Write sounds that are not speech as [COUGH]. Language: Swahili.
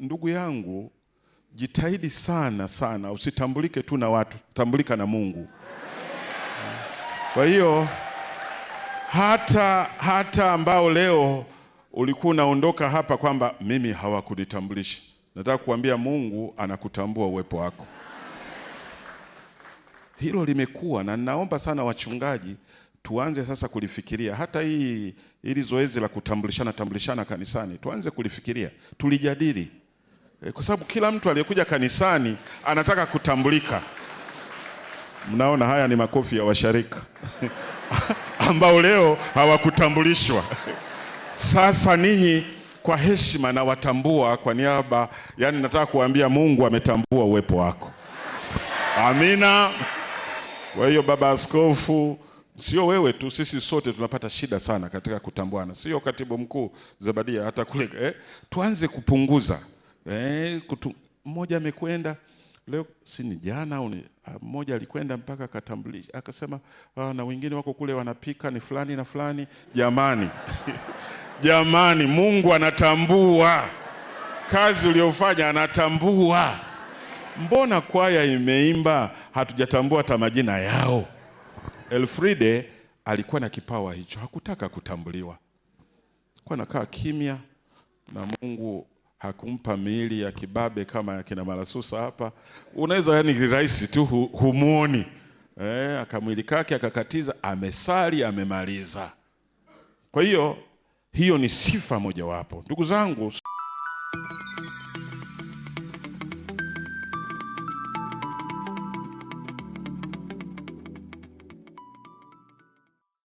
Ndugu yangu, jitahidi sana sana, usitambulike tu na watu, tambulika na Mungu. Kwa hiyo hata hata ambao leo ulikuwa unaondoka hapa kwamba mimi hawakunitambulisha, nataka kuambia Mungu anakutambua uwepo wako hilo limekuwa na naomba sana wachungaji tuanze sasa kulifikiria hata hii ili zoezi la kutambulishana tambulishana kanisani tuanze kulifikiria, tulijadili e, kwa sababu kila mtu aliyekuja kanisani anataka kutambulika. Mnaona, haya ni makofi ya washarika [LAUGHS] ambao leo hawakutambulishwa. Sasa ninyi kwa heshima na watambua kwa niaba, yani nataka kuambia Mungu ametambua uwepo wako. Amina. Kwa hiyo baba askofu, sio wewe tu, sisi sote tunapata shida sana katika kutambuana, sio katibu mkuu Zebadia hata kule eh, tuanze kupunguza eh, kutu, mmoja amekwenda leo si ni jana au ah, mmoja alikwenda mpaka akatambulisha akasema, ah, na wengine wako kule wanapika ni fulani na fulani. Jamani, [LAUGHS] jamani, Mungu anatambua kazi uliyofanya, anatambua mbona kwaya imeimba, hatujatambua hata majina yao. Elfride alikuwa na kipawa hicho, hakutaka kutambuliwa, kwa nakaa kimya na Mungu hakumpa miili ya kibabe kama akina Malasusa hapa, unaweza yani rahisi tu hu, humwoni eh, akamwili kake akakatiza, amesali amemaliza. Kwa hiyo hiyo ni sifa mojawapo, ndugu zangu.